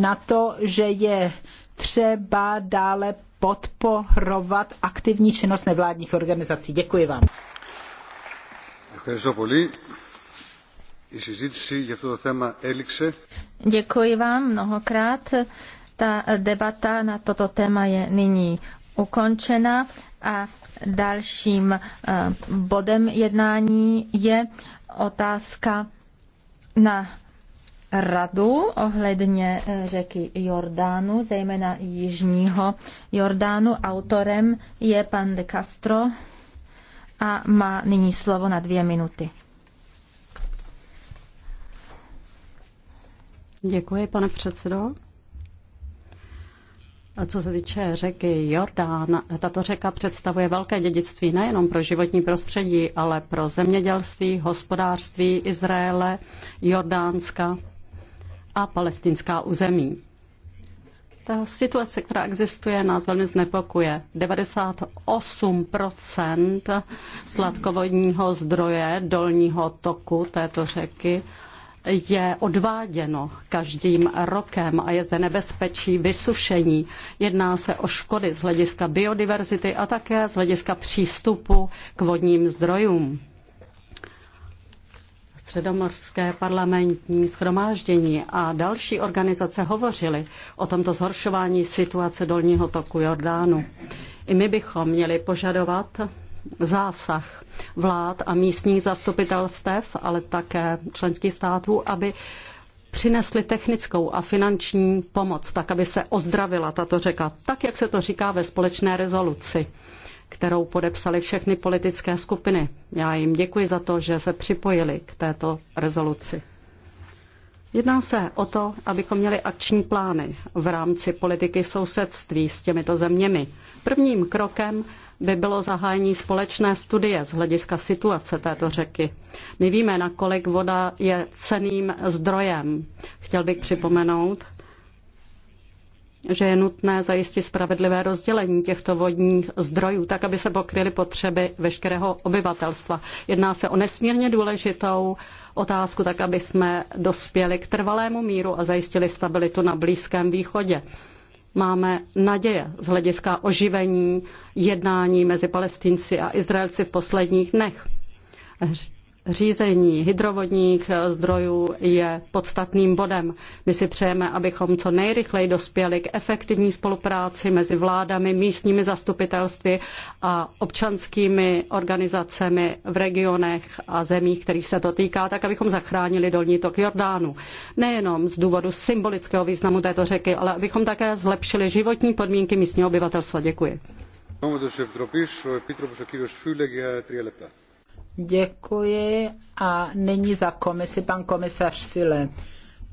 na to, že je třeba dále podporovat aktivní činnost nevládních organizací. Děkuji vám. Děkuji vám mnohokrát. Ta debata na toto téma je nyní ukončena a dalším eh, bodem jednání je otázka na radu ohledně eh, řeky Jordánu, zejména jižního Jordánu. Autorem je pan de Castro a má nyní slovo na dvě minuty. Děkuji, pane předsedo. A co se týče řeky Jordán, tato řeka představuje velké dědictví nejenom pro životní prostředí, ale pro zemědělství, hospodářství Izraele, Jordánska a palestinská území. Ta situace, která existuje, nás velmi znepokuje. 98% sladkovodního zdroje dolního toku této řeky je odváděno každým rokem a je zde nebezpečí vysušení. Jedná se o škody z hlediska biodiverzity a také z hlediska přístupu k vodním zdrojům. Středomorské parlamentní schromáždění a další organizace hovořili o tomto zhoršování situace dolního toku Jordánu. I my bychom měli požadovat zásah vlád a místních zastupitelstev, ale také členských států, aby přinesli technickou a finanční pomoc, tak aby se ozdravila tato řeka, tak jak se to říká ve společné rezoluci kterou podepsali všechny politické skupiny. Já jim děkuji za to, že se připojili k této rezoluci. Jedná se o to, abychom měli akční plány v rámci politiky sousedství s těmito zeměmi. Prvním krokem by bylo zahájení společné studie z hlediska situace této řeky. My víme, nakolik voda je ceným zdrojem. Chtěl bych připomenout, že je nutné zajistit spravedlivé rozdělení těchto vodních zdrojů, tak aby se pokryly potřeby veškerého obyvatelstva. Jedná se o nesmírně důležitou otázku, tak aby jsme dospěli k trvalému míru a zajistili stabilitu na Blízkém východě. Máme naděje z hlediska oživení jednání mezi palestinci a Izraelci v posledních dnech řízení hydrovodních zdrojů je podstatným bodem. My si přejeme, abychom co nejrychleji dospěli k efektivní spolupráci mezi vládami, místními zastupitelstvy a občanskými organizacemi v regionech a zemích, kterých se to týká, tak abychom zachránili dolní tok Jordánu. Nejenom z důvodu symbolického významu této řeky, ale abychom také zlepšili životní podmínky místního obyvatelstva. Děkuji. Děkuji. Děkuji a nyní za komisi pan komisař File.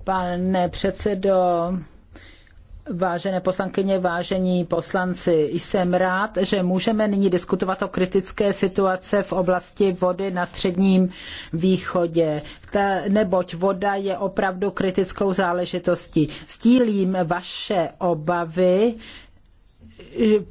Pane předsedo, Vážené poslankyně, vážení poslanci, jsem rád, že můžeme nyní diskutovat o kritické situaci v oblasti vody na středním východě, neboť voda je opravdu kritickou záležitostí. Sdílím vaše obavy,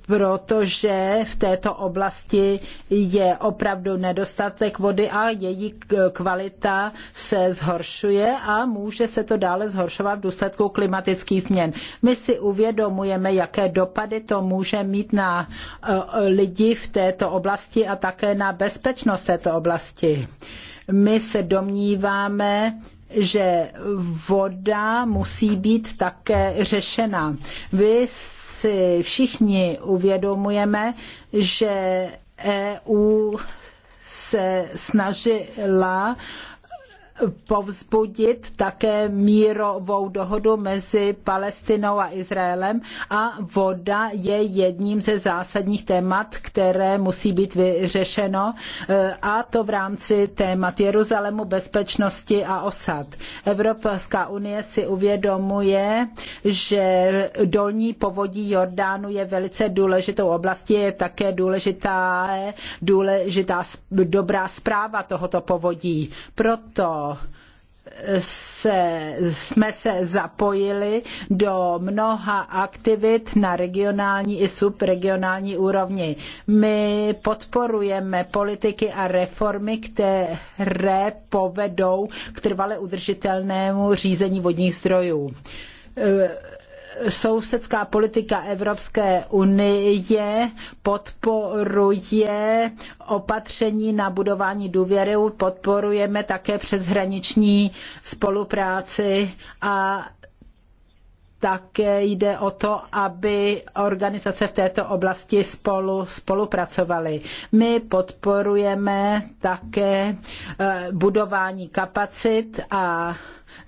protože v této oblasti je opravdu nedostatek vody a její kvalita se zhoršuje a může se to dále zhoršovat v důsledku klimatických změn. My si uvědomujeme, jaké dopady to může mít na e, lidi v této oblasti a také na bezpečnost této oblasti. My se domníváme, že voda musí být také řešena. Vy si všichni uvědomujeme, že EU se snažila povzbudit také mírovou dohodu mezi Palestinou a Izraelem a voda je jedním ze zásadních témat, které musí být vyřešeno eh, a to v rámci témat Jeruzalému, bezpečnosti a osad. Evropská unie si uvědomuje, že dolní povodí Jordánu je velice důležitou oblastí, je také důležitá, důležitá dobrá zpráva tohoto povodí. Proto se, jsme se zapojili do mnoha aktivit na regionální i subregionální úrovni. My podporujeme politiky a reformy, které povedou k trvale udržitelnému řízení vodních zdrojů sousedská politika Evropské unie podporuje opatření na budování důvěry, podporujeme také přeshraniční spolupráci a také jde o to, aby organizace v této oblasti spolu, spolupracovaly. My podporujeme také eh, budování kapacit a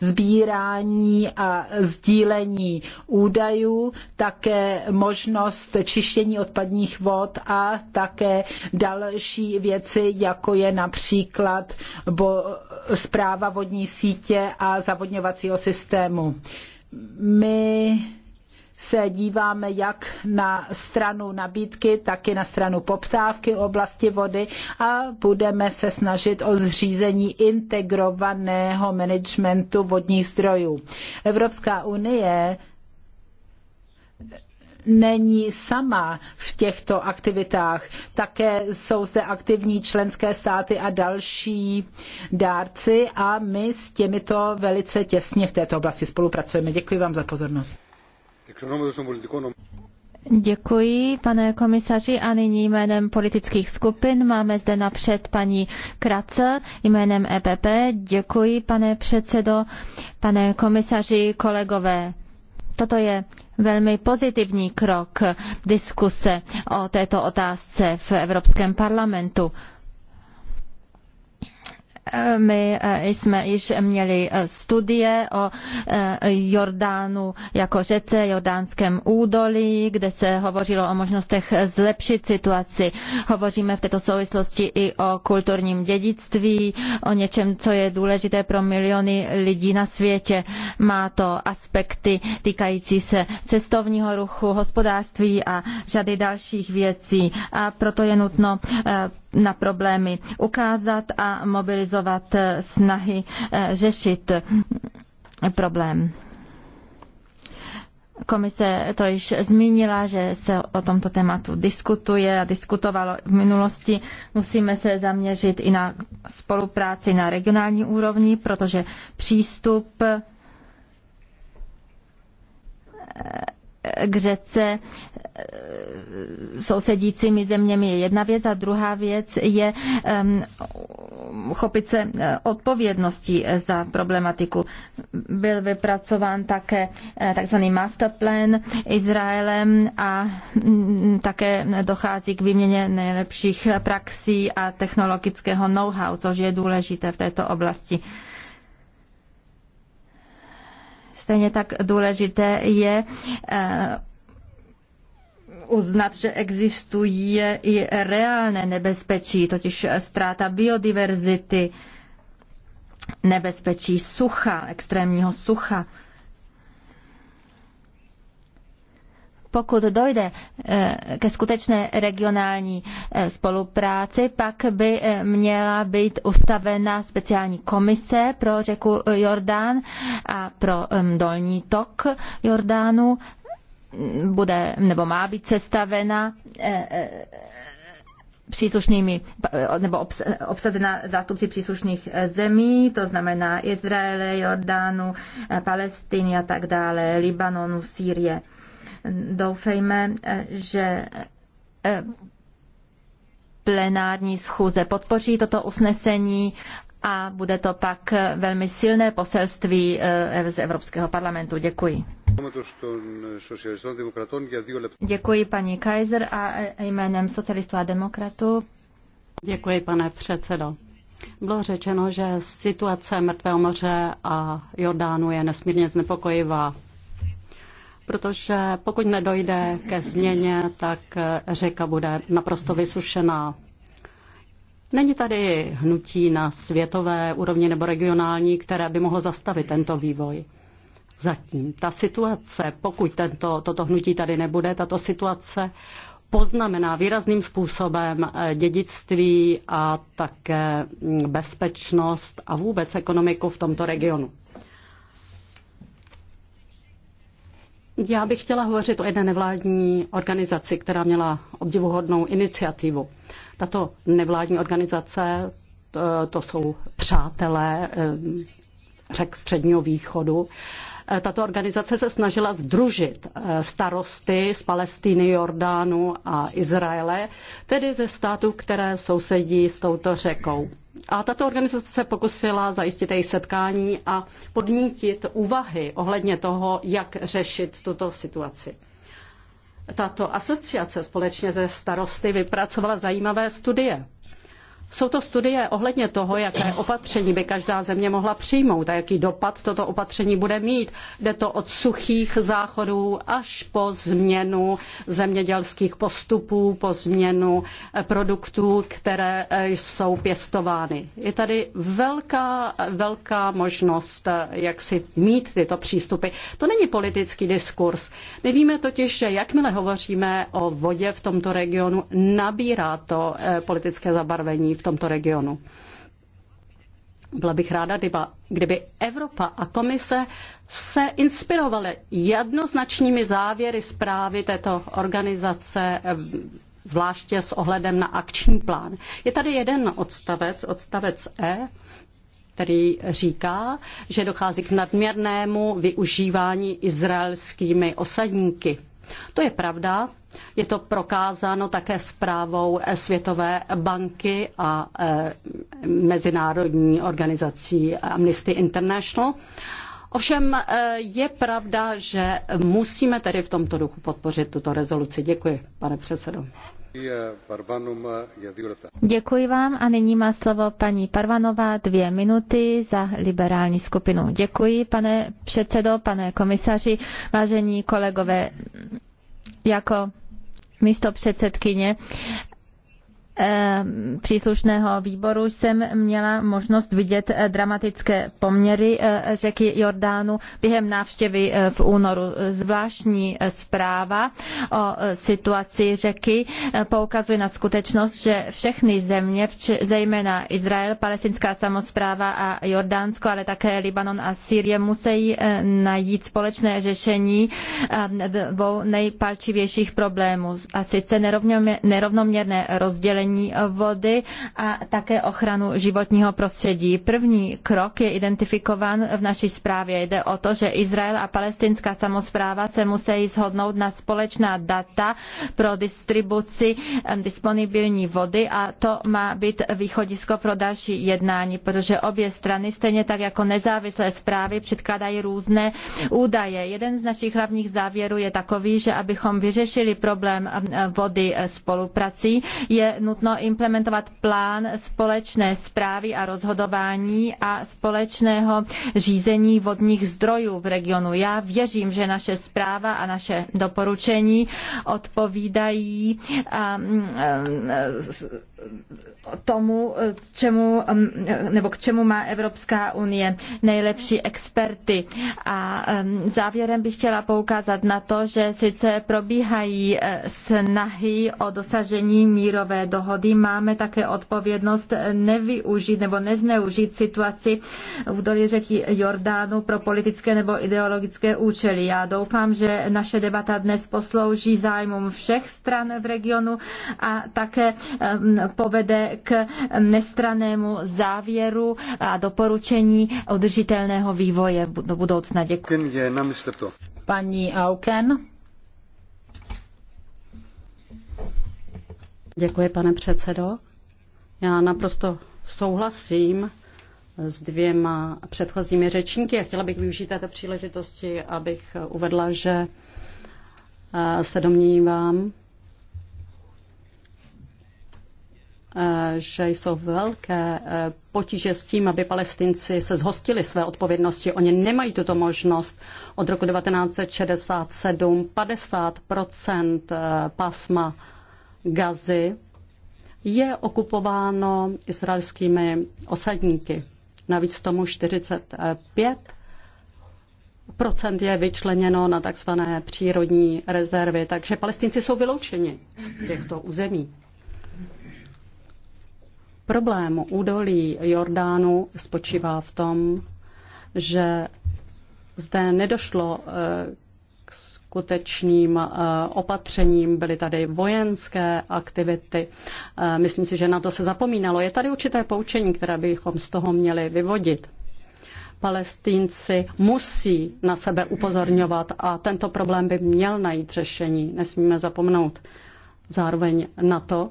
sbírání a sdílení údajů, také možnost čištění odpadních vod a také další věci, jako je například bo, zpráva vodní sítě a zavodňovacího systému my se díváme jak na stranu nabídky, tak i na stranu poptávky oblasti vody a budeme se snažit o zřízení integrovaného managementu vodních zdrojů. Evropská unie není sama v těchto aktivitách. Také jsou zde aktivní členské státy a další dárci a my s těmito velice těsně v této oblasti spolupracujeme. Děkuji vám za pozornost. Děkuji, pane komisaři. A nyní jménem politických skupin máme zde napřed paní Krace jménem EPP. Děkuji, pane předsedo, pane komisaři, kolegové. Toto je velmi pozitivní krok diskuse o této otázce v Evropském parlamentu. My eh, jsme již měli eh, studie o eh, Jordánu jako řece, Jordánském údolí, kde se hovořilo o možnostech zlepšit situaci. Hovoříme v této souvislosti i o kulturním dědictví, o něčem, co je důležité pro miliony lidí na světě. Má to aspekty týkající se cestovního ruchu, hospodářství a řady dalších věcí. A proto je nutno na problémy ukázat a mobilizovat podporovat eh, snahy eh, řešit eh, problém. Komise to již zmínila, že se o tomto tématu diskutuje a diskutovalo v minulosti. Musíme se zaměřit i na spolupráci na regionální úrovni, protože přístup k řece eh, sousedícími zeměmi je jedna věc a druhá věc je chopit se eh, odpovědnosti eh, za problematiku. Byl vypracován také takzvaný masterplan Izraelem a mm, také dochází k výměně nejlepších praxí a technologického know-how, což je důležité v této oblasti. Stejně tak důležité je eh, uznat, že existuje i reálné nebezpečí, totiž ztráta biodiverzity, nebezpečí sucha, extrémního sucha. pokud dojde eh, ke skutečné regionální eh, spolupráci, pak by eh, měla být ustavena speciální komise pro řeku Jordán a pro dolní tok Jordánu. Bude nebo má být sestavena příslušnými, nebo obsazena zástupci příslušných zemí, to znamená Izraele, Jordánu, Palestiny a tak dále, Libanonu, Sýrie. Doufejme, eh, že eh, plenární schůze podpoří toto usnesení a bude to pak eh, velmi silné poselství z Evropského parlamentu. Děkuji. Děkuji paní Kaiser a jménem socialistů a demokratů. Děkuji, pane předsedo. Bylo řečeno, že situace Mrtvého moře a Jordánu je nesmírně znepokojivá protože pokud nedojde ke změně, tak řeka bude naprosto vysušená. Není tady hnutí na světové úrovni nebo regionální, které by mohlo zastavit tento vývoj. Zatím ta situace, pokud tento, toto hnutí tady nebude, tato situace poznamená výrazným způsobem dědictví a také bezpečnost a vůbec ekonomiku v tomto regionu. Já bych chtěla hovořit o jedné nevládní organizaci, která měla obdivuhodnou iniciativu. Tato nevládní organizace, to, to jsou přátelé eh, řek Středního východu Eh, tato organizace se snažila združit eh, starosty z Palestiny, Jordánu a Izraele, tedy ze států, které sousedí s touto řekou. A tato organizace se pokusila zajistit její setkání a podnítit úvahy ohledně toho, jak řešit tuto situaci. Tato asociace společně se starosty vypracovala zajímavé studie. Jsou to studie ohledně toho, jaké opatření by každá země mohla přijmout a jaký dopad toto opatření bude mít. Jde to od suchých záchodů až po změnu zemědělských postupů, po změnu eh, produktů, které eh, jsou pěstovány. Je tady velká, velká možnost, eh, jak si mít tyto přístupy. To není politický diskurs. My víme totiž, že jakmile hovoříme o vodě v tomto regionu, nabírá to politické zabarvení v tomto regionu. Byla bych ráda, kdyby, Evropa a komise se inspirovaly jednoznačnými závěry zprávy této organizace, zvláště s ohledem na akční plán. Je tady jeden odstavec, odstavec E, který říká, že dochází k nadměrnému využívání izraelskými osadníky. To je pravda, je to prokázáno také zprávou Světové banky a e, mezinárodní organizací Amnesty International. Ovšem e, je pravda, že musíme tedy v tomto duchu podpořit tuto rezoluci. Děkuji, pane předsedo. Děkuji vám a nyní má slovo paní Parvanová dvě minuty za liberální skupinu. Děkuji, pane předsedo, pane komisaři, vážení kolegové. Jako místo předsedkyně Eh, příslušného výboru jsem měla možnost vidět eh, dramatické poměry eh, řeky Jordánu během návštěvy v únoru. Zvláštní zpráva o situaci řeky poukazuje na skutečnost, že všechny země, zejména Izrael, palestinská samozpráva a Jordánsko, ale také Libanon a Sýrie, musí najít společné řešení dvou nejpalčivějších problémů, a sice nerovnoměrné rozdělení zadržení vody a také ochranu životního prostředí. První krok je identifikován v naší zprávě. Jde o to, že Izrael a palestinská samozpráva se musí shodnout na společná data pro distribuci disponibilní vody a to má být východisko pro další jednání, protože obě strany, stejně tak jako nezávislé zprávy, předkládají různé údaje. Jeden z našich hlavních závěrů je takový, že abychom vyřešili problém vody e, spoluprací, je nutné nutno implementovat plán společné zprávy a rozhodování a společného řízení vodních zdrojů v regionu. Já věřím, že naše zpráva a naše doporučení odpovídají um, um, tomu, čemu, nebo k čemu má Evropská unie nejlepší experty. A závěrem bych chtěla poukázat na to, že sice probíhají eh, snahy o dosažení mírové dohody, máme také odpovědnost nevyužít nebo nezneužít situaci v dolí řeky Jordánu pro politické nebo ideologické účely. Já doufám, že naše debata dnes poslouží zájmům všech stran v regionu a také povede k nestranému závěru a doporučení udržitelného vývoje do budoucna. Děkuji. Paní Auken. Děkuji, pane předsedo. Já naprosto souhlasím s dvěma předchozími řečníky a chtěla bych využít této příležitosti, abych uvedla, že eh, se domnívám, Eh, že jsou velké eh, potíže s tím, aby palestinci se zhostili své odpovědnosti. Oni nemají tuto možnost. Od roku 1967 50 eh, pásma Gazy je okupováno izraelskými osadníky. Navíc tomu 45 procent je vyčleněno na takzvané přírodní rezervy, takže palestinci jsou vyloučeni z těchto území. Problém údolí Jordánu spočívá v tom, že zde nedošlo eh, k skutečným eh, opatřením, byly tady vojenské aktivity. Eh, myslím si, že na to se zapomínalo. Je tady určité poučení, které bychom z toho měli vyvodit. Palestínci musí na sebe upozorňovat a tento problém by měl najít řešení. Nesmíme zapomnout zároveň na to,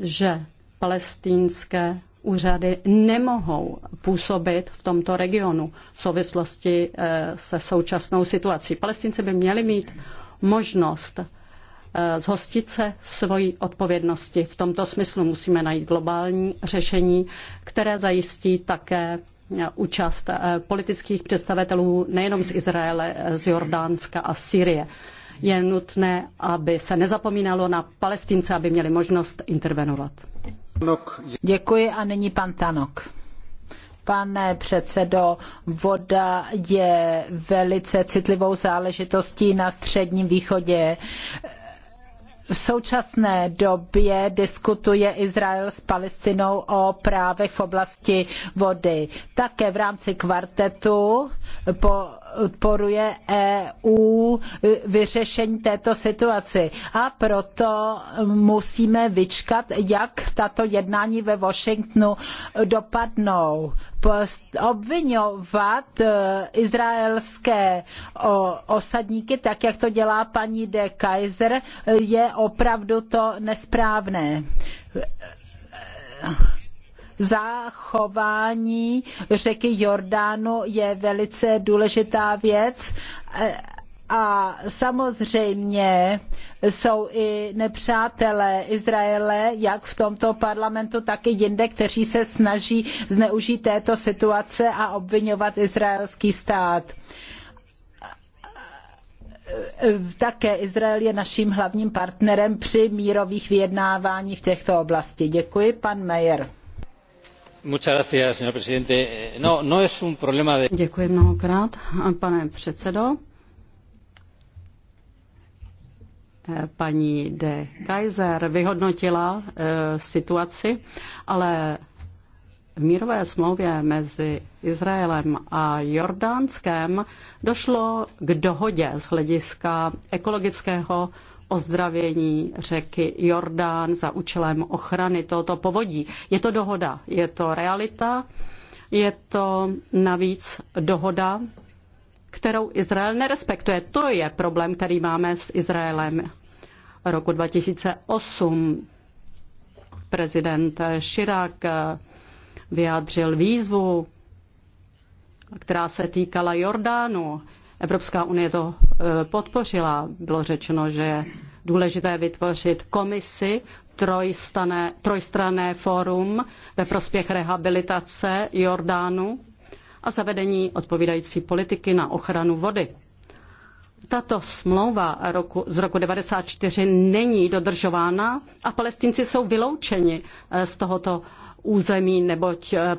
že palestinské úřady nemohou působit v tomto regionu v souvislosti eh, se současnou situací. Palestinci by měli mít možnost eh, zhostit se svojí odpovědnosti. V tomto smyslu musíme najít globální řešení, které zajistí také eh, účast politických představitelů nejenom z Izraele, z Jordánska a z Syrie. Je nutné, aby se nezapomínalo na Palestince, aby měli možnost intervenovat. Děkuji a nyní pan Tanok. Pane předsedo, voda je velice citlivou záležitostí na Středním východě. V současné době diskutuje Izrael s Palestinou o právech v oblasti vody. Také v rámci kvartetu po podporuje EU vyřešení této situace. A proto musíme vyčkat, jak tato jednání ve Washingtonu dopadnou. Obvinovat e, izraelské osadníky, tak jak to dělá paní de Kaiser, je opravdu to nesprávné zachování řeky Jordánu je velice důležitá věc a samozřejmě jsou i nepřátelé Izraele, jak v tomto parlamentu, tak i jinde, kteří se snaží zneužít této situace a obvinovat izraelský stát. Také Izrael je naším hlavním partnerem při mírových vyjednáváních v těchto oblasti. Děkuji, pan Meyer. Děkuji mnohokrát, pane předsedo. Eh, paní de Kaiser vyhodnotila eh, situaci, ale v mírové smlouvě mezi Izraelem a Jordánskem došlo k dohodě z hlediska ekologického ozdravění řeky Jordán za účelem ochrany tohoto povodí. Je to dohoda, je to realita, je to navíc dohoda, kterou Izrael nerespektuje. To je problém, který máme s Izraelem. Roku 2008 prezident Širák vyjádřil výzvu, která se týkala Jordánu. Evropská unie to eh, podpořila. Bylo řečeno, že je důležité vytvořit komisi, trojstané, trojstrané fórum ve prospěch rehabilitace Jordánu a zavedení odpovídající politiky na ochranu vody. Tato smlouva roku, z roku 1994 není dodržována a palestinci jsou vyloučeni eh, z tohoto území, neboť eh,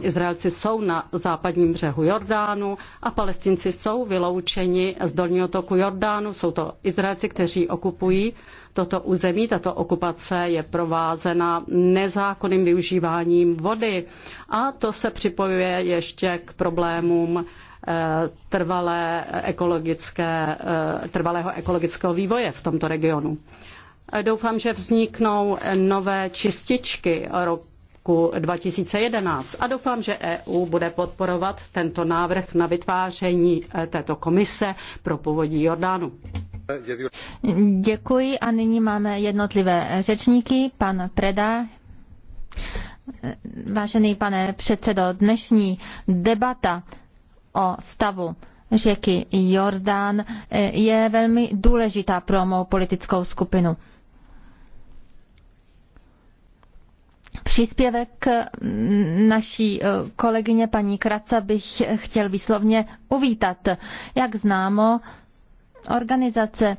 Izraelci jsou na západním břehu Jordánu a palestinci jsou vyloučeni z dolního toku Jordánu. Jsou to Izraelci, kteří okupují toto území. Tato okupace je provázena nezákonným využíváním vody a to se připojuje ještě k problémům eh, trvalé ekologické, eh, trvalého ekologického vývoje v tomto regionu. Doufám, že vzniknou nové čističky. Rok roku 2011 a doufám, že EU bude podporovat tento návrh na vytváření eh, této komise pro povodí Jordánu. Děkuji a nyní máme jednotlivé řečníky. Pan Preda, Vážený pane předsedo, dnešní debata o stavu řeky Jordán eh, je velmi důležitá pro mou politickou skupinu. Příspěvek naší eh, kolegyně paní Kraca bych chtěl výslovně uvítat. Jak známo, organizace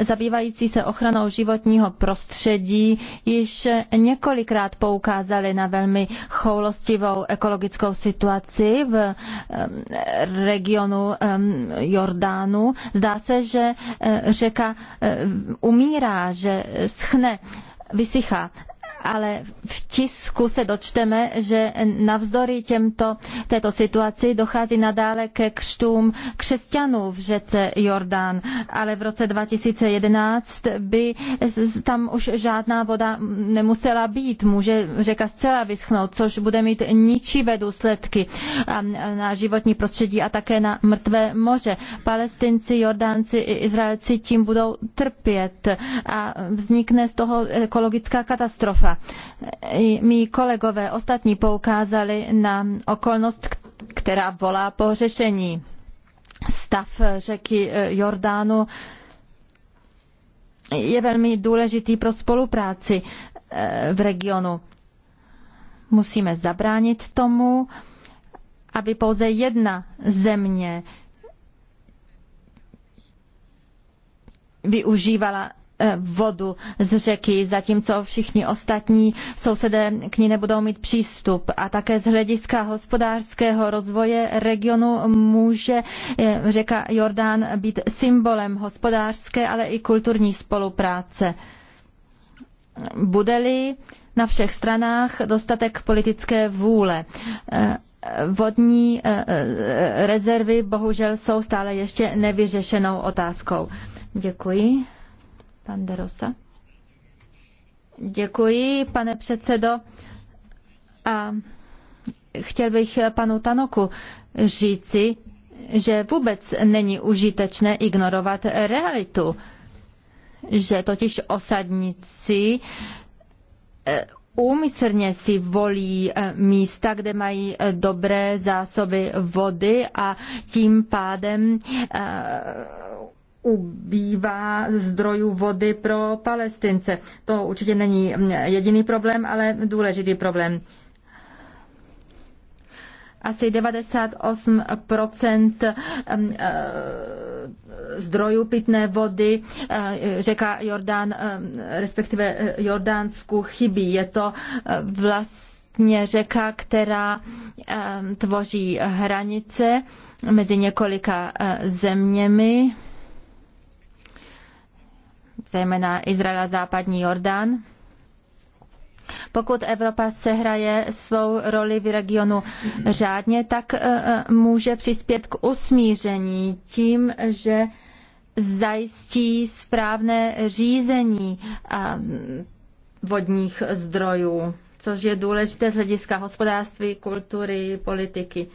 zabývající se ochranou životního prostředí již několikrát poukázaly na velmi choulostivou ekologickou situaci v eh, regionu ehm, Jordánu. Zdá se, že eh, řeka umírá, že schne vysychá ale v tisku se dočteme, že navzdory těmto, této situaci dochází nadále ke křtům křesťanů v řece Jordán, ale v roce 2011 by tam už žádná voda nemusela být. Může řeka zcela vyschnout, což bude mít ničivé důsledky na životní prostředí a také na mrtvé moře. Palestinci, Jordánci i Izraelci tím budou trpět a vznikne z toho ekologická katastrofa. Mí kolegové ostatní poukázali na okolnost, která volá po řešení. Stav řeky eh, Jordánu je velmi důležitý pro spolupráci eh, v regionu. Musíme zabránit tomu, aby pouze jedna země využívala Eh, vodu z řeky, zatímco všichni ostatní sousedé k ní nebudou mít přístup. A také z hlediska hospodářského rozvoje regionu může eh, řeka Jordán být symbolem hospodářské, ale i kulturní spolupráce. Bude-li na všech stranách dostatek politické vůle eh, vodní rezervy bohužel jsou stále ještě nevyřešenou otázkou. Děkuji. Pan Derosa. Děkuji, pane předsedo. A chtěl bych panu Tanoku říci, že vůbec není užitečné ignorovat realitu, že totiž osadníci eh, úmyslně si volí eh, místa, kde mají eh, dobré zásoby vody a tím pádem ubývá zdrojů vody pro Palestince. To určitě není mm, jediný problém, ale důležitý problém. Asi 98 mm, e, zdrojů pitné vody e, řeka Jordán, e, respektive Jordánsku chybí. Je to vlastně řeka, která tvoří hranice mezi několika zeměmi zejména Izrael a západní Jordán. Pokud Evropa sehraje svou roli v regionu řádně, tak eh, eh, může přispět k usmíření tím, že zajistí správné řízení ehm, vodních zdrojů, což je důležité z hlediska hospodářství, kultury, politiky.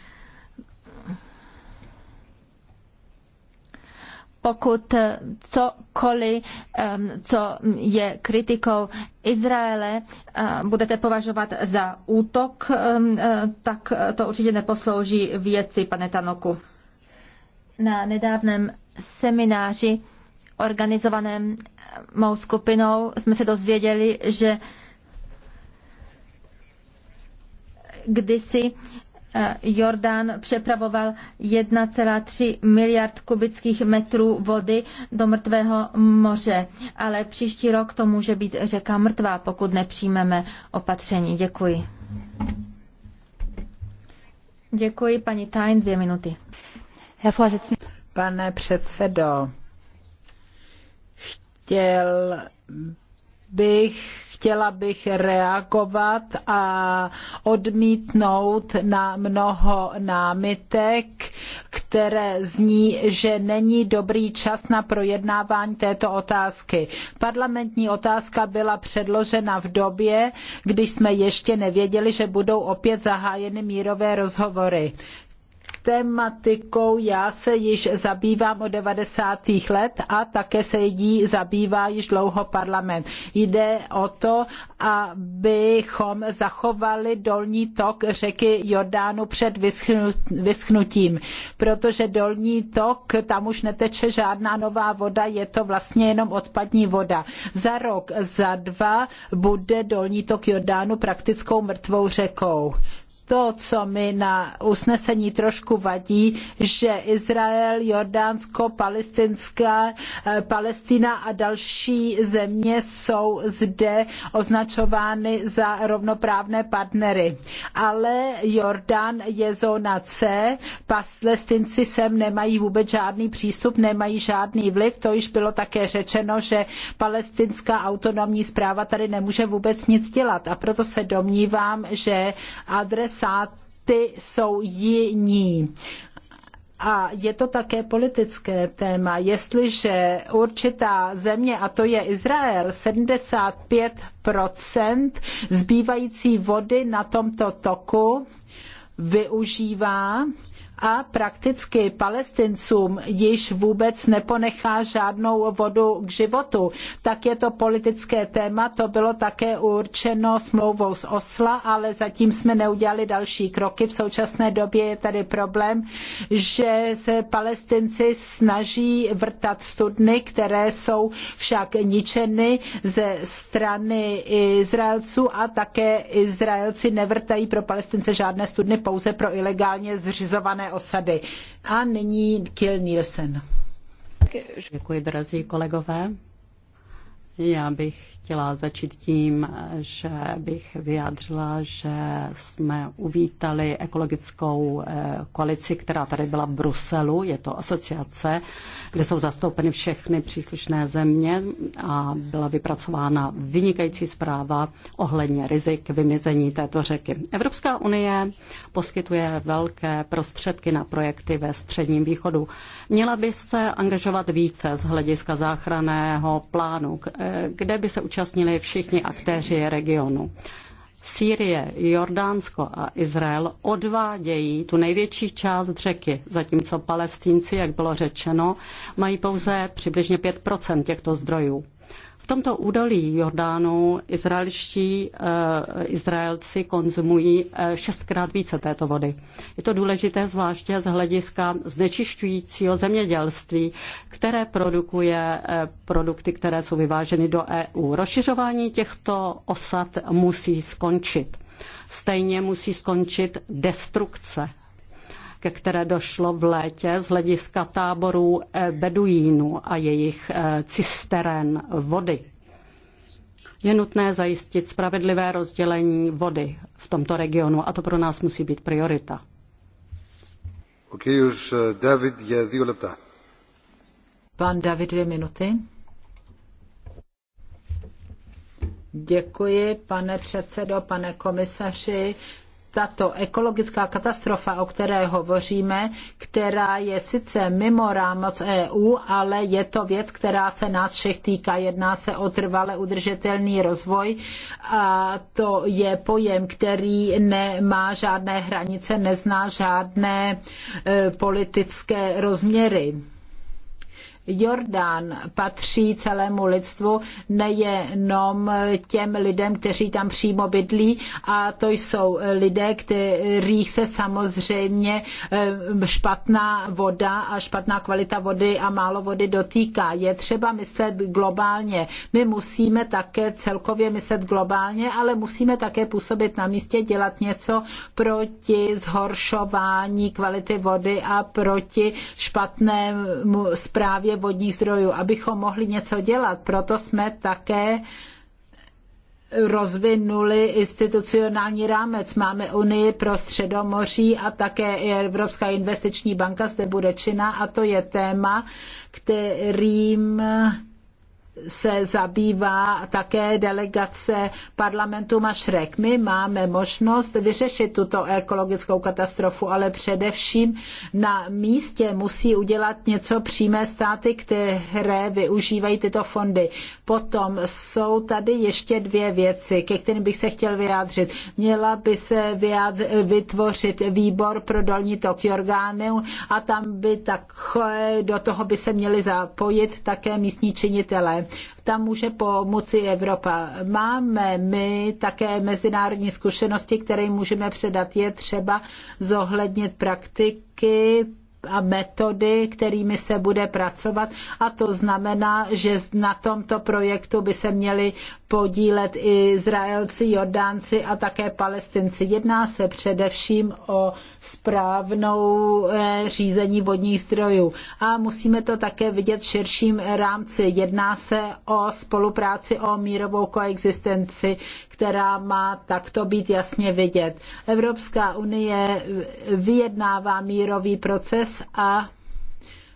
pokud eh, cokoliv, co je kritikou Izraele, eh, budete považovat za útok, eh, tak to určitě neposlouží věci, pane Tanoku. Na nedávném semináři organizovaném mou skupinou jsme se dozvěděli, že kdysi Eh, Jordán přepravoval 1,3 miliard kubických metrů vody do mrtvého moře, ale příští rok to může být řeka mrtvá, pokud nepřijmeme opatření. Děkuji. Děkuji, paní Tain, dvě minuty. Pane předsedo, chtěl bych Chtěla bych reagovat a odmítnout na mnoho námitek, které zní, že není dobrý čas na projednávání této otázky. Parlamentní otázka byla předložena v době, když jsme ještě nevěděli, že budou opět zahájeny mírové rozhovory tematikou já se již zabývám od 90. let a také se jí zabývá již dlouho parlament. Jde o to, abychom zachovali dolní tok řeky Jordánu před vyschnutím, protože dolní tok, tam už neteče žádná nová voda, je to vlastně jenom odpadní voda. Za rok, za dva bude dolní tok Jordánu praktickou mrtvou řekou to, co mi na usnesení trošku vadí, že Izrael, Jordánsko, Palestinská, eh, Palestina a další země jsou zde označovány za rovnoprávné partnery. Ale Jordán je zóna C, palestinci sem nemají vůbec žádný přístup, nemají žádný vliv, to již bylo také řečeno, že palestinská autonomní správa tady nemůže vůbec nic dělat. A proto se domnívám, že adres státy jsou jiní. A je to také politické téma. Jestliže určitá země, a to je Izrael, 75 zbývající vody na tomto toku využívá, a prakticky palestincům již vůbec neponechá žádnou vodu k životu. Tak je to politické téma, to bylo také určeno smlouvou z Osla, ale zatím jsme neudělali další kroky. V současné době je tady problém, že se palestinci snaží vrtat studny, které jsou však ničeny ze strany Izraelců a také Izraelci nevrtají pro palestince žádné studny, pouze pro ilegálně zřizované osady. A nyní Kill Nielsen. Děkuji, drazí kolegové. Já bych chtěla začít tím, že bych vyjádřila, že jsme uvítali ekologickou eh, koalici, která tady byla v Bruselu. Je to asociace kde jsou zastoupeny všechny příslušné země a byla vypracována vynikající zpráva ohledně rizik vymizení této řeky. Evropská unie poskytuje velké prostředky na projekty ve středním východu. Měla by se angažovat více z hlediska záchraného plánu, kde by se účastnili všichni aktéři regionu. Sýrie, Jordánsko a Izrael odvádějí tu největší část řeky, zatímco palestinci, jak bylo řečeno, mají pouze přibližně 5 těchto zdrojů tomto údolí Jordánu izraelští eh, Izraelci konzumují eh, šestkrát více této vody. Je to důležité zvláště z hlediska znečišťujícího zemědělství, které produkuje eh, produkty, které jsou vyváženy do EU. Rozšiřování těchto osad musí skončit. Stejně musí skončit destrukce ke které došlo v létě z hlediska táborů eh, Beduínů a jejich eh, cisteren vody. Je nutné zajistit spravedlivé rozdělení vody v tomto regionu a to pro nás musí být priorita. Eh, David je dvě lepta. Pan David, dvě minuty. Děkuji, pane předsedo, pane komisaři tato ekologická katastrofa, o které hovoříme, která je sice mimo rámoc EU, ale je to věc, která se nás všech týká. Jedná se o trvale udržitelný rozvoj a to je pojem, který nemá žádné hranice, nezná žádné e, politické rozměry. Jordán patří celému lidstvu, nejenom těm lidem, kteří tam přímo bydlí a to jsou lidé, kterých se samozřejmě eh, špatná voda a špatná kvalita vody a málo vody dotýká. Je třeba myslet globálně. My musíme také celkově myslet globálně, ale musíme také působit na místě, dělat něco proti zhoršování kvality vody a proti špatné správě vodních zdrojů, abychom mohli něco dělat. Proto jsme také rozvinuli institucionální rámec. Máme Unii pro středomoří a také Evropská investiční banka zde bude činná a to je téma, kterým se zabývá také delegace parlamentu Mašrek. My máme možnost vyřešit tuto ekologickou katastrofu, ale především na místě musí udělat něco přímé státy, které využívají tyto fondy. Potom jsou tady ještě dvě věci, ke kterým bych se chtěl vyjádřit. Měla by se vytvořit výbor pro dolní tok Jorgánu a tam by tak, do toho by se měli zapojit také místní činitelé tam může pomoci Evropa. Máme my také mezinárodní zkušenosti, které můžeme předat. Je třeba zohlednit praktiky a metody, kterými se bude pracovat a to znamená, že na tomto projektu by se měli podílet i Izraelci, Jordánci a také Palestinci. Jedná se především o správnou eh, řízení vodních zdrojů a musíme to také vidět v širším rámci. Jedná se o spolupráci o mírovou koexistenci, která má takto být jasně vidět. Evropská unie vyjednává mírový proces a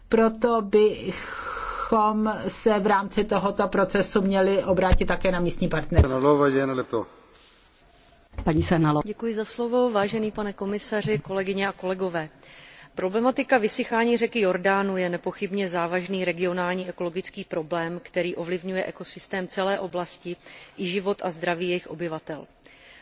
proto bychom se v rámci tohoto procesu měli obrátit také na místní partnery. Paní Senalo. Děkuji za slovo, vážený pane komisaři, kolegyně a kolegové problematika vysychání řeky jordánu je nepochybně závažný regionální ekologický problém který ovlivňuje ekosystém celé oblasti i život a zdraví jejich obyvatel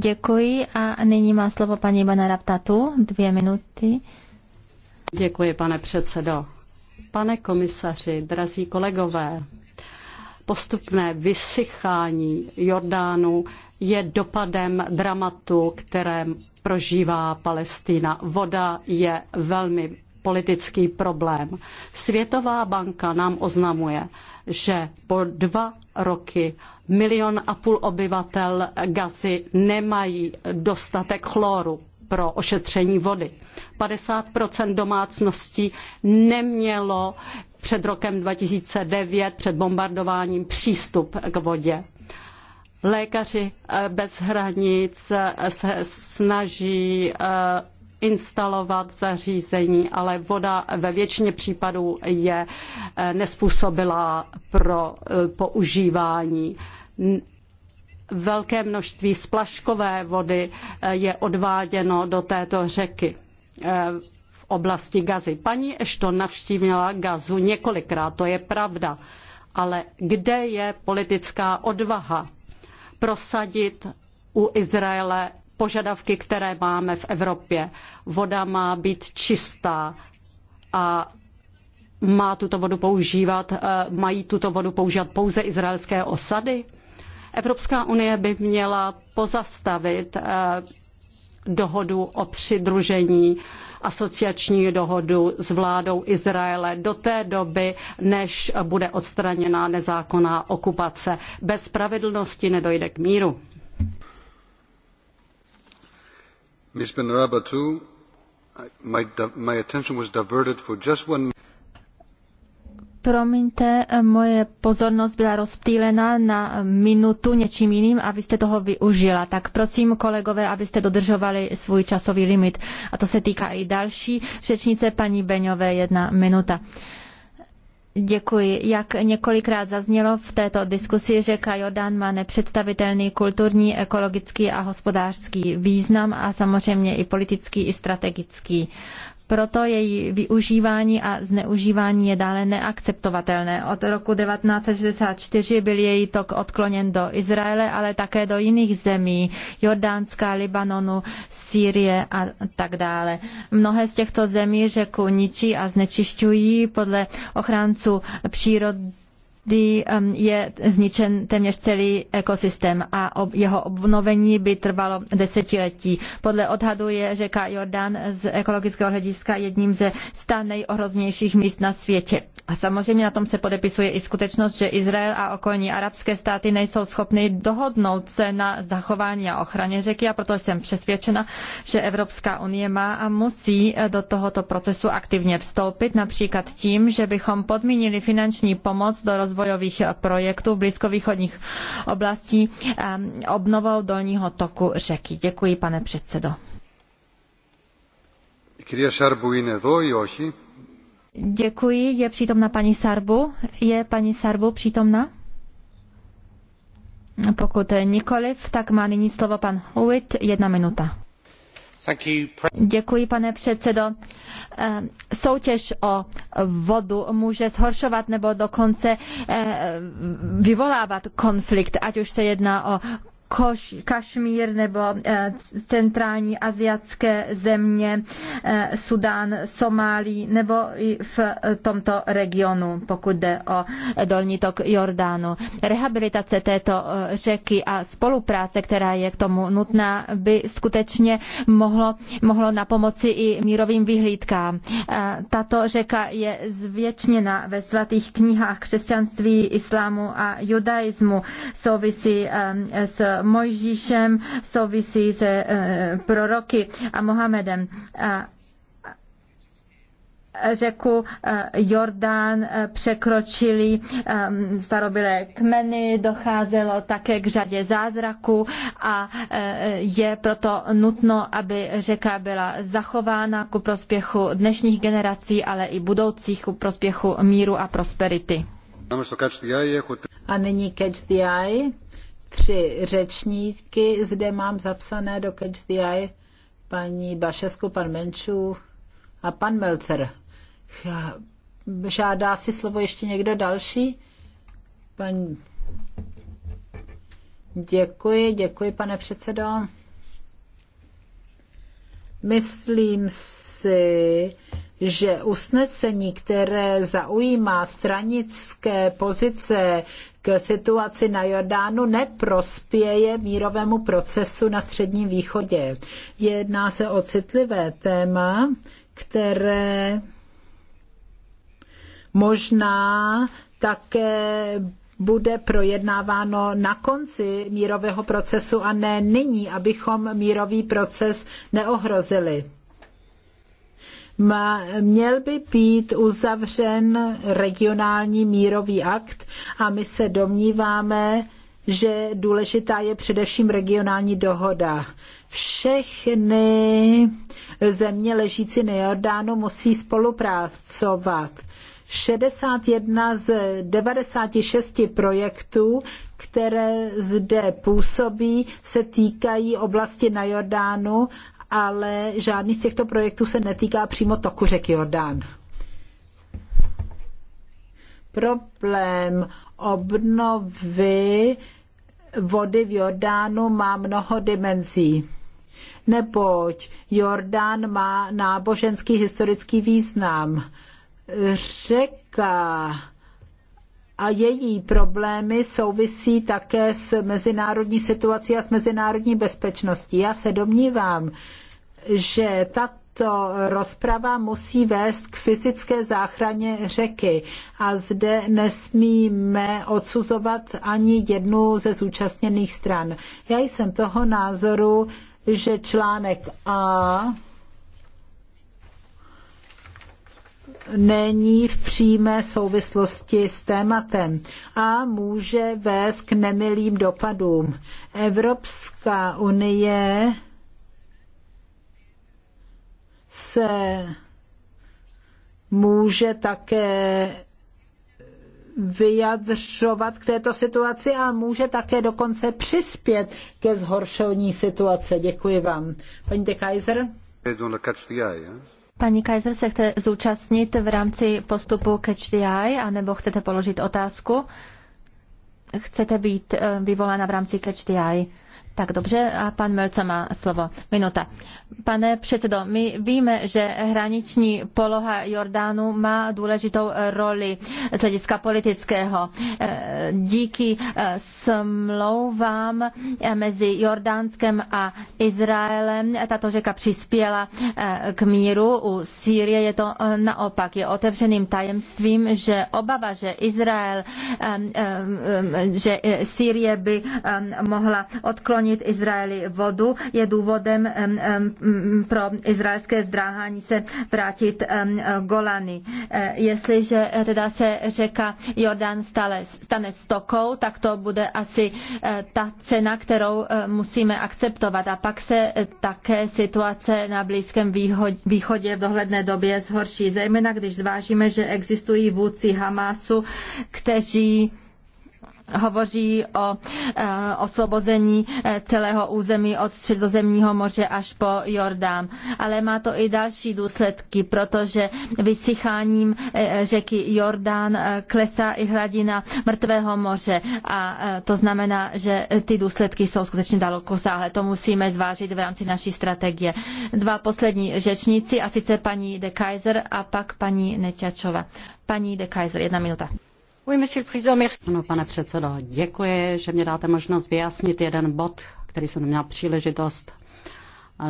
Děkuji a nyní má slovo paní Benarabtatu, dvě minuty. Děkuji, pane předsedo. Pane komisaři, drazí kolegové, postupné vysychání Jordánu je dopadem dramatu, které prožívá Palestina. Voda je velmi politický problém. Světová banka nám oznamuje, že po dva roky milion a půl obyvatel Gazy nemají dostatek chloru pro ošetření vody. 50 domácností nemělo před rokem 2009, před bombardováním, přístup k vodě. Lékaři eh, bez hranic eh, se snaží eh, instalovat zařízení, ale voda ve většině případů je nespůsobila pro používání velké množství splaškové vody eh, je odváděno do této řeky eh, v oblasti Gazy. Paní Ešton navštívila Gazu několikrát, to je pravda, ale kde je politická odvaha prosadit u Izraele požadavky, které máme v Evropě? Voda má být čistá a má tuto vodu používat, eh, mají tuto vodu používat pouze izraelské osady? Evropská unie by měla pozastavit eh, dohodu o přidružení asociační dohodu s vládou Izraele do té doby, než bude odstraněna nezákonná okupace. Bez spravedlnosti nedojde k míru. my, my attention was diverted for just one Promiňte, moje pozornost byla rozptýlena na minutu něčím jiným a vy jste toho využila. Tak prosím, kolegové, abyste dodržovali svůj časový limit. A to se týká i další řečnice paní Beňové, jedna minuta. Děkuji. Jak několikrát zaznělo v této diskusi, řeka Jordan má nepředstavitelný kulturní, ekologický a hospodářský význam a samozřejmě i politický i strategický. Proto její využívání a zneužívání je dále neakceptovatelné. Od roku 1964 byl její tok odkloněn do Izraele, ale také do jiných zemí, Jordánska, Libanonu, Sýrie a tak dále. Mnohé z těchto zemí řeku ničí a znečišťují podle ochránců přírody kdy um, je zničen téměř celý ekosystém a jeho obnovení by trvalo desetiletí. Podle odhadu je řeka Jordan z ekologického hlediska jedním ze sta nejohroznějších míst na světě. A samozřejmě na tom se podepisuje i skutečnost, že Izrael a okolní arabské státy nejsou schopny dohodnout se na zachování a ochraně řeky a proto jsem přesvědčena, že Evropská unie má a musí eh, do tohoto procesu aktivně vstoupit, například tím, že bychom podmínili finanční pomoc do roz rozvojových projektů blízkovýchodních oblastí obnovou dolního toku řeky. Děkuji, pane předsedo. Děkuji. Je přítomna paní Sarbu? Je paní Sarbu přítomna? Pokud nikoliv, tak má nyní slovo pan Huit Jedna minuta. Děkuji, pane předsedo. Eh, soutěž o vodu může zhoršovat nebo dokonce eh, vyvolávat konflikt, ať už se jedná o Koš, Kašmír nebo eh, centrální Asijské země, eh, Sudán, Somálí nebo i v eh, tomto regionu, pokud jde o dolní tok Jordánu. Rehabilitace této řeky a spolupráce, která je k tomu nutná, by skutečně mohlo, mohlo na pomoci i mírovým vyhlídkám. Tato řeka je zvětšněna ve svatých knihách křesťanství, islámu a judaismu. Souvisí s Mojžíšem souvisí se eh, proroky a Mohamedem. řeku eh, Jordán eh, překročili starobylé kmeny, docházelo také k řadě zázraků a je proto nutno, aby řeka byla zachována ku prospěchu dnešních generací, ale i budoucích ku prospěchu míru a prosperity. A nyní Catch the Eye tři řečníky. Zde mám zapsané do Catch the Eye paní Bašesku, pan Menčů a pan Melcer. Žádá si slovo ještě někdo další? Paní... Děkuji, děkuji, pane předsedo. Myslím si, že usnesení, které zaujímá stranické pozice k situaci na Jordánu, neprospěje mírovému procesu na Středním východě. Jedná se o citlivé téma, které možná také bude projednáváno na konci mírového procesu a ne nyní, abychom mírový proces neohrozili měl by být uzavřen regionální mírový akt a my se domníváme, že důležitá je především regionální dohoda. Všechny země ležící na Jordánu musí spolupracovat. 61 z 96 projektů, které zde působí, se týkají oblasti na Jordánu ale žádný z těchto projektů se netýká přímo toku řeky Jordán. Problém obnovy vody v Jordánu má mnoho dimenzí, neboť Jordán má náboženský historický význam. Řeka a její problémy souvisí také s mezinárodní situací a s mezinárodní bezpečností. Já se domnívám, že tato rozprava musí vést k fyzické záchraně řeky a zde nesmíme odsuzovat ani jednu ze zúčastněných stran. Já jsem toho názoru, že článek A není v přímé souvislosti s tématem a může vést k nemilým dopadům. Evropská unie se může také vyjadřovat k této situaci a může také dokonce přispět ke zhoršení situace. Děkuji vám. Paní de Kaiser? Pani Kajzer se chce zúčastnit v rámci postupu Catch the Eye, anebo chcete položit otázku? Chcete být eh, vyvolána v rámci Catch the Eye? Tak dobře, a pan Melca má slovo. Minuta. Pane předsedo, my víme, že hraniční poloha Jordánu má důležitou roli z hlediska politického. E, díky e, smlouvám e, mezi Jordánskem a Izraelem tato řeka přispěla k míru. U Sýrie je to naopak. Je otevřeným tajemstvím, že obava, že Izrael, že Sýrie by mohla odklopat sklonit Izraeli vodu, je důvodem pro izraelské zdráhání se vrátit Golany. E, jestliže teda se řeka Jordan stane stokou, tak to bude asi e, ta cena, kterou e, musíme akceptovat. A pak se také situace na Blízkém východě v dohledné době zhorší, zejména když zvážíme, že existují vůdci Hamásu, kteří hovoří o eh, osvobození eh, celého území od středozemního moře až po Jordán. Ale má to i další důsledky, protože vysycháním eh, řeky Jordán klesá i hladina mrtvého moře a to znamená, že ty důsledky jsou skutečně dalekosáhlé. To musíme zvážit v rámci naší strategie. Dva poslední řečníci, a sice paní de Kaiser a pak paní Nečačova. Paní de Kaiser, jedna minuta. Ano, pane předsedo, děkuji, že mě dáte možnost vyjasnit jeden bod, který jsem měla příležitost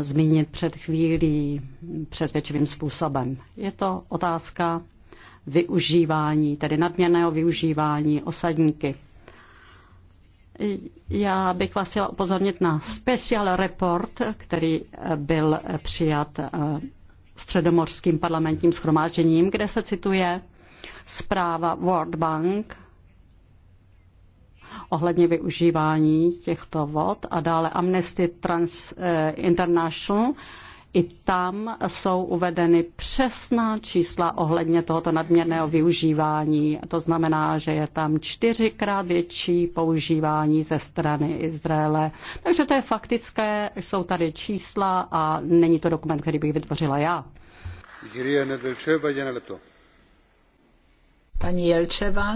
zmínit před chvílí přesvědčivým způsobem. Je to otázka využívání, tedy nadměrného využívání osadníky. Já bych vás chtěla upozornit na special report, který byl přijat eh, středomorským parlamentním schromážděním, kde se cituje zpráva World Bank ohledně využívání těchto vod a dále Amnesty Trans, eh, International. I tam jsou uvedeny přesná čísla ohledně tohoto nadměrného využívání. To znamená, že je tam čtyřikrát větší používání ze strany Izraele. Takže to je faktické, jsou tady čísla a není to dokument, který bych vytvořila já. Kyrie Nedelčeva, Paní Jelčeva.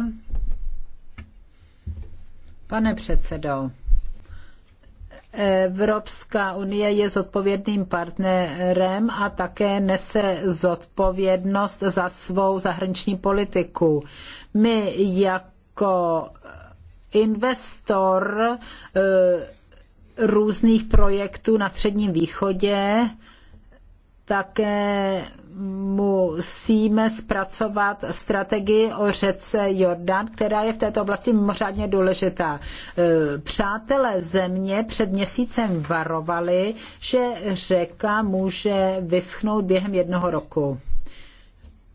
Pane předsedo, Evropská unie je zodpovědným partnerem a také nese zodpovědnost za svou zahraniční politiku. My jako investor eh, různých projektů na Středním východě také musíme zpracovat strategii o řece Jordán, která je v této oblasti mimořádně důležitá. E, přátelé země před měsícem varovali, že řeka může vyschnout během jednoho roku.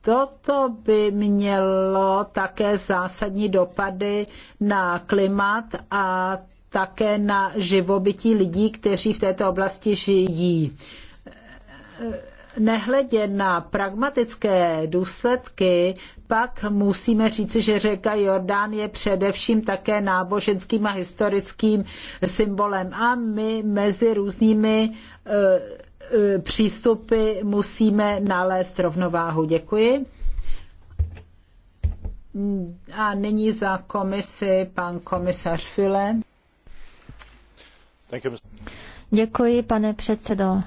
Toto by mělo také zásadní dopady na klimat a také na živobytí lidí, kteří v této oblasti žijí nehledě na pragmatické důsledky, pak musíme říci, že řeka Jordán je především také náboženským a historickým symbolem. A my mezi různými e, e, přístupy musíme nalézt rovnováhu. Děkuji. A nyní za komisi pan komisař File. Děkuji, pane předsedo.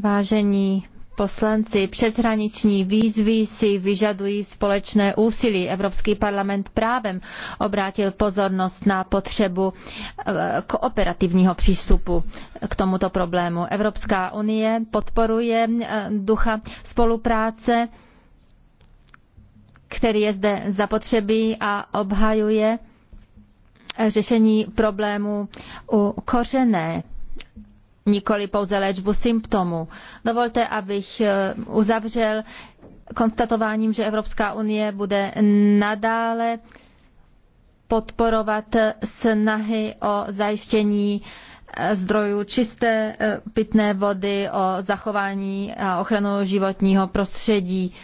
Vážení poslanci, přeshraniční výzvy si vyžadují společné úsilí. Evropský parlament právem obrátil pozornost na potřebu eh, kooperativního přístupu k tomuto problému. Evropská unie podporuje eh, ducha spolupráce, který je zde zapotřebí a obhajuje řešení problému u kořené nikoli pouze léčbu symptomů. Dovolte, abych eh, uzavřel konstatováním, že Evropská unie bude nadále podporovat eh, snahy o zajištění eh, zdrojů čisté pitné vody, o zachování a ochranu životního prostředí.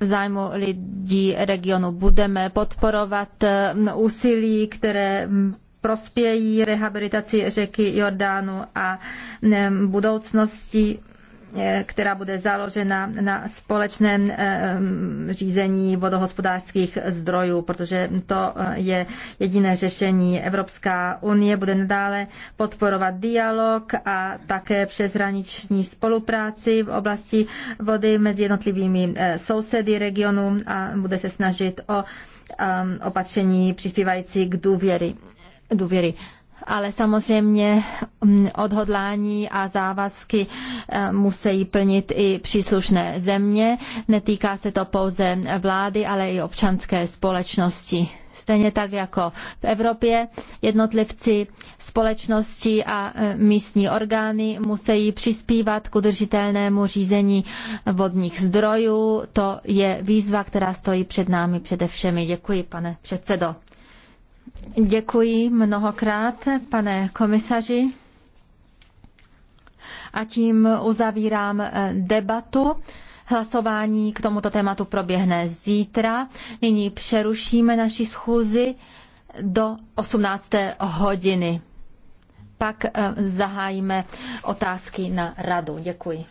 V zájmu lidí regionu budeme podporovat úsilí, které prospějí rehabilitaci řeky Jordánu a e, budoucnosti e, která bude založena na společném e, řízení vodohospodářských zdrojů, protože to je jediné řešení. Evropská unie bude nadále podporovat dialog a také přeshraniční spolupráci v oblasti vody mezi jednotlivými sousedy regionu a bude se snažit o opatření přispívající k důvěry důvěry ale samozřejmě mm, odhodlání a závazky eh, musí plnit i příslušné země. Netýká se to pouze vlády, ale i občanské společnosti. Stejně tak jako v Evropě jednotlivci, společnosti a eh, místní orgány musí přispívat k udržitelnému řízení vodních zdrojů. To je výzva, která stojí před námi především. Děkuji, pane předsedo. Děkuji mnohokrát, pane komisaři. A tím uzavírám eh, debatu. Hlasování k tomuto tématu proběhne zítra. Nyní přerušíme naši schůzi do 18. hodiny. Pak eh, zahájíme otázky na radu. Děkuji.